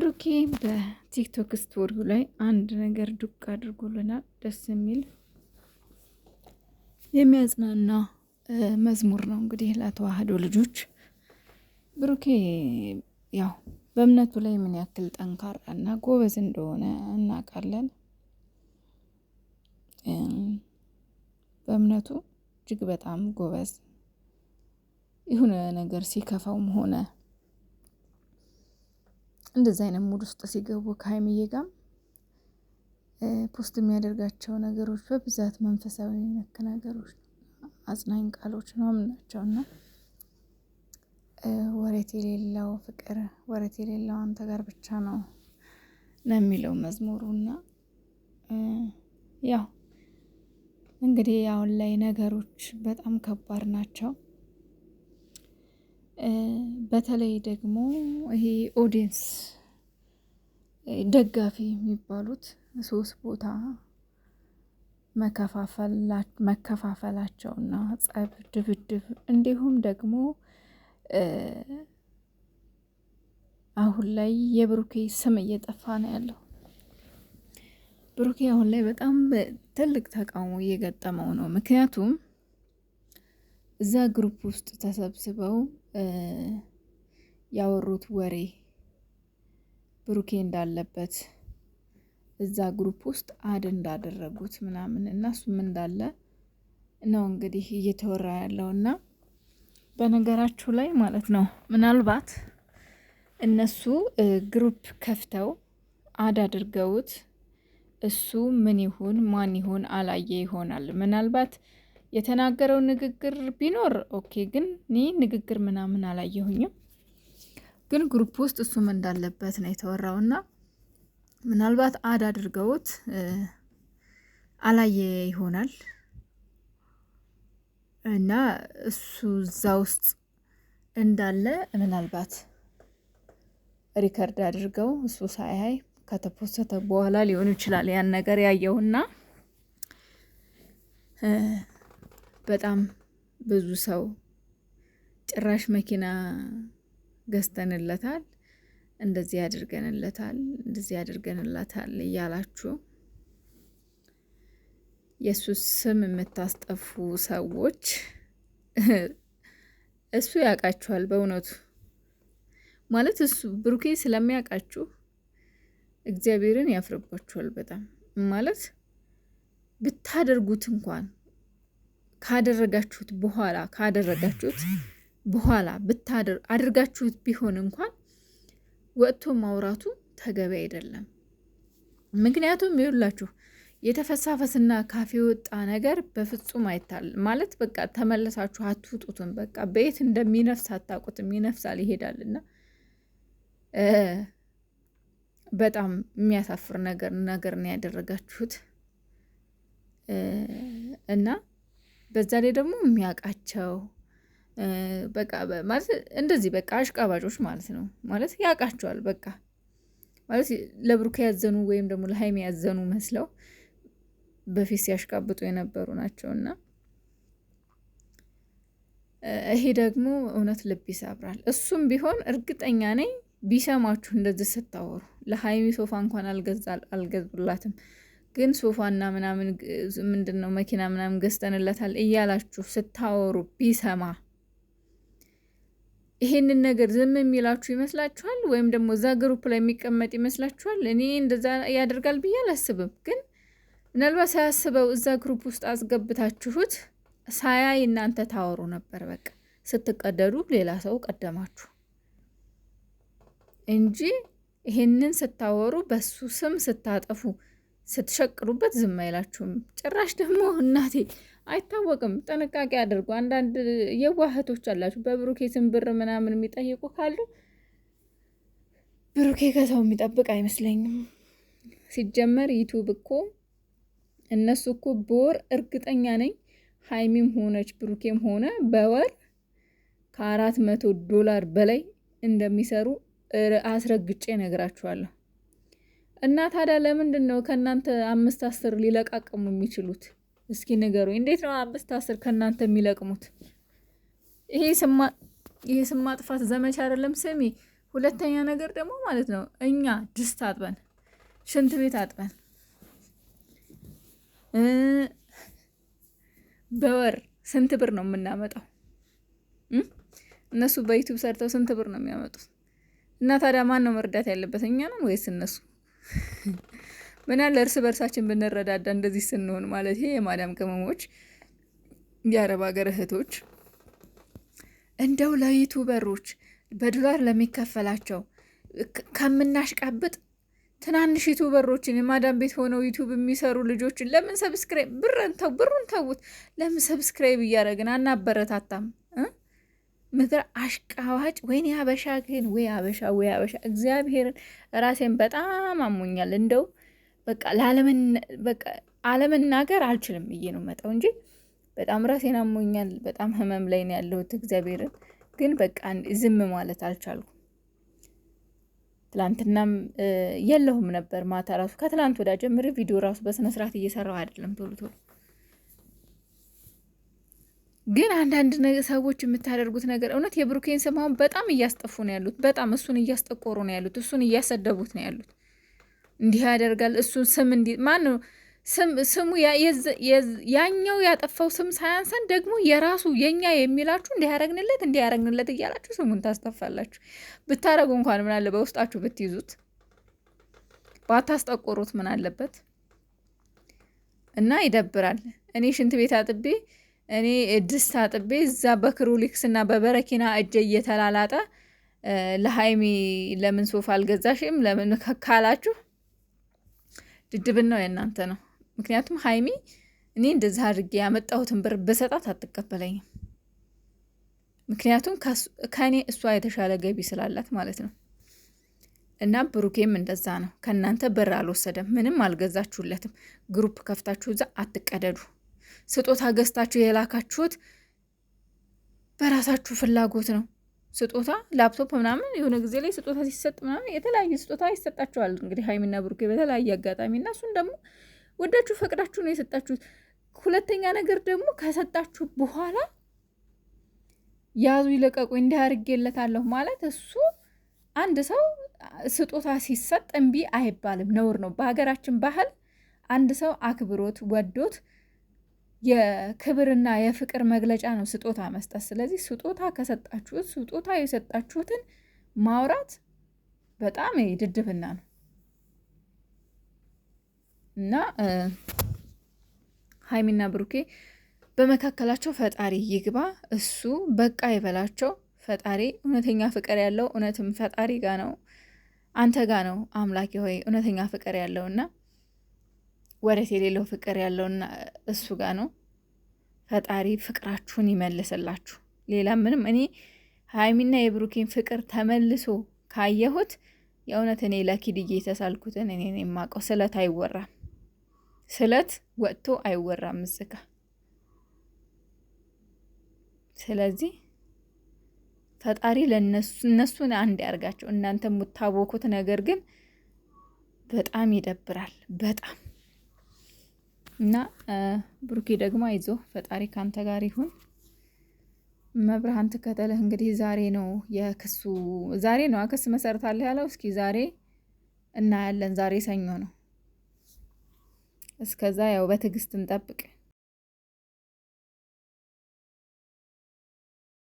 ብሩኬ በቲክቶክ ስቶሪው ላይ አንድ ነገር ዱቅ አድርጎልናል። ደስ የሚል የሚያጽናና መዝሙር ነው እንግዲህ ለተዋህዶ ልጆች ብሩኬ ያው በእምነቱ ላይ ምን ያክል ጠንካራና ጎበዝ እንደሆነ እናውቃለን። በእምነቱ እጅግ በጣም ጎበዝ የሆነ ነገር ሲከፋውም ሆነ እንደዚህ አይነት ሙድ ውስጥ ሲገቡ ከሀይሚዬ ጋር ፖስት የሚያደርጋቸው ነገሮች በብዛት መንፈሳዊ ነክ ነገሮች አጽናኝ ቃሎች ምናምን ናቸው እና ወረት የሌለው ፍቅር ወረት የሌለው አንተ ጋር ብቻ ነው ነው የሚለው መዝሙሩ እና ያው እንግዲህ አሁን ላይ ነገሮች በጣም ከባድ ናቸው። በተለይ ደግሞ ይሄ ኦዲየንስ ደጋፊ የሚባሉት ሶስት ቦታ መከፋፈላቸውና ጸብ፣ ድብድብ እንዲሁም ደግሞ አሁን ላይ የብሩኬ ስም እየጠፋ ነው ያለው። ብሩኬ አሁን ላይ በጣም ትልቅ ተቃውሞ እየገጠመው ነው። ምክንያቱም እዛ ግሩፕ ውስጥ ተሰብስበው ያወሩት ወሬ ብሩኬ እንዳለበት እዛ ግሩፕ ውስጥ አድ እንዳደረጉት ምናምን እና እሱም እንዳለ ነው እንግዲህ እየተወራ ያለው እና በነገራችሁ ላይ ማለት ነው ምናልባት እነሱ ግሩፕ ከፍተው አድ አድርገውት እሱ ምን ይሁን ማን ይሁን አላየ ይሆናል ምናልባት የተናገረው ንግግር ቢኖር ኦኬ፣ ግን እኔ ንግግር ምናምን አላየሁኝም። ግን ግሩፕ ውስጥ እሱም እንዳለበት ነው የተወራው እና ምናልባት አድ አድርገውት አላየ ይሆናል እና እሱ እዛ ውስጥ እንዳለ ምናልባት ሪከርድ አድርገው እሱ ሳያይ ከተፖሰተ በኋላ ሊሆን ይችላል ያን ነገር ያየውና በጣም ብዙ ሰው ጭራሽ መኪና ገዝተንለታል፣ እንደዚህ አድርገንለታል እንደዚህ አድርገንላታል እያላችሁ የእሱ ስም የምታስጠፉ ሰዎች እሱ ያውቃችኋል። በእውነቱ ማለት እሱ ብሩኬ ስለሚያውቃችሁ እግዚአብሔርን ያፍርባችኋል። በጣም ማለት ብታደርጉት እንኳን ካደረጋችሁት በኋላ ካደረጋችሁት በኋላ አድርጋችሁት ቢሆን እንኳን ወጥቶ ማውራቱ ተገቢ አይደለም። ምክንያቱም ይውላችሁ የተፈሳፈስና ካፌ ወጣ ነገር በፍጹም አይታል ማለት በቃ ተመለሳችሁ አትውጡትም። በቃ በየት እንደሚነፍስ አታውቁትም። ይነፍሳል፣ ይሄዳልና በጣም የሚያሳፍር ነገር ነገር ነው ያደረጋችሁት እና በዛ ላይ ደግሞ የሚያውቃቸው በቃ ማለት እንደዚህ በቃ አሽቃባጮች ማለት ነው። ማለት ያውቃቸዋል በቃ ማለት ለብሩክ ያዘኑ ወይም ደግሞ ለሀይሚ ያዘኑ መስለው በፊት ሲያሽቃብጡ የነበሩ እና ይሄ ደግሞ እውነት ልብ ይሰብራል። እሱም ቢሆን እርግጠኛ ነኝ ቢሰማችሁ እንደዚህ ስታወሩ ለሀይሚ ሶፋ እንኳን አልገዙላትም። ግን ሶፋና ምናምን ምንድን ነው መኪና ምናምን ገዝተንለታል እያላችሁ ስታወሩ ቢሰማ ይሄንን ነገር ዝም የሚላችሁ ይመስላችኋል? ወይም ደግሞ እዛ ግሩፕ ላይ የሚቀመጥ ይመስላችኋል? እኔ እንደዛ ያደርጋል ብዬ አላስብም። ግን ምናልባት ሳያስበው እዛ ግሩፕ ውስጥ አስገብታችሁት ሳያይ እናንተ ታወሩ ነበር። በቃ ስትቀደዱ ሌላ ሰው ቀደማችሁ እንጂ ይሄንን ስታወሩ በሱ ስም ስታጠፉ ስትሸቅሩበት ዝም አይላችሁም። ጭራሽ ደግሞ እናቴ አይታወቅም። ጥንቃቄ አድርጉ። አንዳንድ የዋህቶች አላችሁ። በብሩኬትን ብር ምናምን የሚጠይቁ ካሉ ብሩኬ ከሰው የሚጠብቅ አይመስለኝም። ሲጀመር ዩቱብ እኮ እነሱ እኮ በወር እርግጠኛ ነኝ ሀይሚም ሆነች ብሩኬም ሆነ በወር ከአራት መቶ ዶላር በላይ እንደሚሰሩ አስረግጬ ነግራችኋለሁ። እና ታዲያ ለምንድን ነው ከእናንተ አምስት አስር ሊለቃቅሙ የሚችሉት? እስኪ ንገሩ። እንዴት ነው አምስት አስር ከእናንተ የሚለቅሙት? ይሄ ስም ማጥፋት ዘመቻ አይደለም። ስሚ፣ ሁለተኛ ነገር ደግሞ ማለት ነው እኛ ድስት አጥበን ሽንት ቤት አጥበን በወር ስንት ብር ነው የምናመጣው? እነሱ በዩቱብ ሰርተው ስንት ብር ነው የሚያመጡት? እና ታዲያ ማን ነው መርዳት ያለበት? እኛ ነው ወይስ እነሱ? ምናለ እርስ በርሳችን ብንረዳዳ እንደዚህ ስንሆን ማለት ይሄ የማዳም ቅመሞች የአረብ ሀገር እህቶች እንደው በሮች በዶላር ለሚከፈላቸው ከምናሽቃብጥ ትናንሽ ዩቱበሮችን የማዳም ቤት ሆነው ዩቱብ የሚሰሩ ልጆችን ለምን ሰብስክራይብ ብረን ተው ብሩን ተውት፣ ለምን ሰብስክራይብ እያደረግን አናበረታታም? ምድር አሽቃዋጭ ወይኔ አበሻ ግን ወይ አበሻ ወይ አበሻ እግዚአብሔርን ራሴን በጣም አሞኛል እንደው በቃ አለመናገር አልችልም ብዬ ነው መጣው እንጂ በጣም ራሴን አሞኛል። በጣም ህመም ላይ ነው ያለሁት። እግዚአብሔርን ግን በቃ ዝም ማለት አልቻልኩ። ትላንትናም የለሁም ነበር ማታ ራሱ ከትላንት ወዳ ጀምሬ ቪዲዮ ራሱ በስነስርዓት እየሰራው አይደለም ቶሎ ቶሎ ግን አንዳንድ ሰዎች የምታደርጉት ነገር እውነት የብሩኬን ስም አሁን በጣም እያስጠፉ ነው ያሉት። በጣም እሱን እያስጠቆሩ ነው ያሉት። እሱን እያሰደቡት ነው ያሉት። እንዲህ ያደርጋል። እሱን ስም እንዲ ማን ነው ስሙ? ያኛው ያጠፋው ስም ሳያንሰን ደግሞ የራሱ የኛ የሚላችሁ እንዲያረግንለት እንዲያረግንለት እያላችሁ ስሙን ታስጠፋላችሁ። ብታረጉ እንኳን ምን አለ በውስጣችሁ ብትይዙት ባታስጠቆሩት ምን አለበት? እና ይደብራል። እኔ ሽንት ቤት አጥቤ እኔ ድስት አጥቤ እዛ በክሩሊክስ እና በበረኪና እጄ እየተላላጠ ለሀይሚ ለምን ሶፋ አልገዛሽም ለምን ካላችሁ ድድብን ነው የእናንተ ነው። ምክንያቱም ሀይሚ እኔ እንደዚህ አድርጌ ያመጣሁትን ብር በሰጣት አትቀበለኝም። ምክንያቱም ከእኔ እሷ የተሻለ ገቢ ስላላት ማለት ነው። እና ብሩኬም እንደዛ ነው። ከእናንተ ብር አልወሰደም፣ ምንም አልገዛችሁለትም። ግሩፕ ከፍታችሁ እዛ አትቀደዱ። ስጦታ ገዝታችሁ የላካችሁት በራሳችሁ ፍላጎት ነው። ስጦታ ላፕቶፕ ምናምን የሆነ ጊዜ ላይ ስጦታ ሲሰጥ ምናምን የተለያየ ስጦታ ይሰጣቸዋል። እንግዲህ ሀይሚና ብሩኬ በተለያየ አጋጣሚ እና እሱን ደግሞ ወዳችሁ ፈቅዳችሁ ነው የሰጣችሁት። ሁለተኛ ነገር ደግሞ ከሰጣችሁ በኋላ ያዙ ይለቀቁ እንዲህ አድርጌለታለሁ ማለት እሱ አንድ ሰው ስጦታ ሲሰጥ እምቢ አይባልም፣ ነውር ነው። በሀገራችን ባህል አንድ ሰው አክብሮት ወዶት የክብርና የፍቅር መግለጫ ነው ስጦታ መስጠት። ስለዚህ ስጦታ ከሰጣችሁት ስጦታ የሰጣችሁትን ማውራት በጣም ድድብና ነው እና ሀይሚና ብሩኬ በመካከላቸው ፈጣሪ ይግባ፣ እሱ በቃ ይበላቸው። ፈጣሪ እውነተኛ ፍቅር ያለው እውነትም ፈጣሪ ጋ ነው፣ አንተ ጋ ነው አምላኬ ሆይ እውነተኛ ፍቅር ያለውና ወረት የሌለው ፍቅር ያለውና እሱ ጋር ነው። ፈጣሪ ፍቅራችሁን ይመልስላችሁ። ሌላ ምንም እኔ ሀይሚና የብሩኬን ፍቅር ተመልሶ ካየሁት የእውነት እኔ ለኪድዬ የተሳልኩትን እኔ የማውቀው ስለት አይወራም። ስለት ወጥቶ አይወራም እዝጋ። ስለዚህ ፈጣሪ እነሱን አንድ ያርጋቸው። እናንተ የምታቦኩት ነገር ግን በጣም ይደብራል። በጣም እና ብሩኬ ደግሞ አይዞ ፈጣሪ ካንተ ጋር ይሁን። መብርሃን ትከተልህ። እንግዲህ ዛሬ ነው የክሱ ዛሬ ነው ክስ መሰርታለህ ያለው። እስኪ ዛሬ እናያለን። ዛሬ ሰኞ ነው። እስከዛ ያው በትዕግስት እንጠብቅ።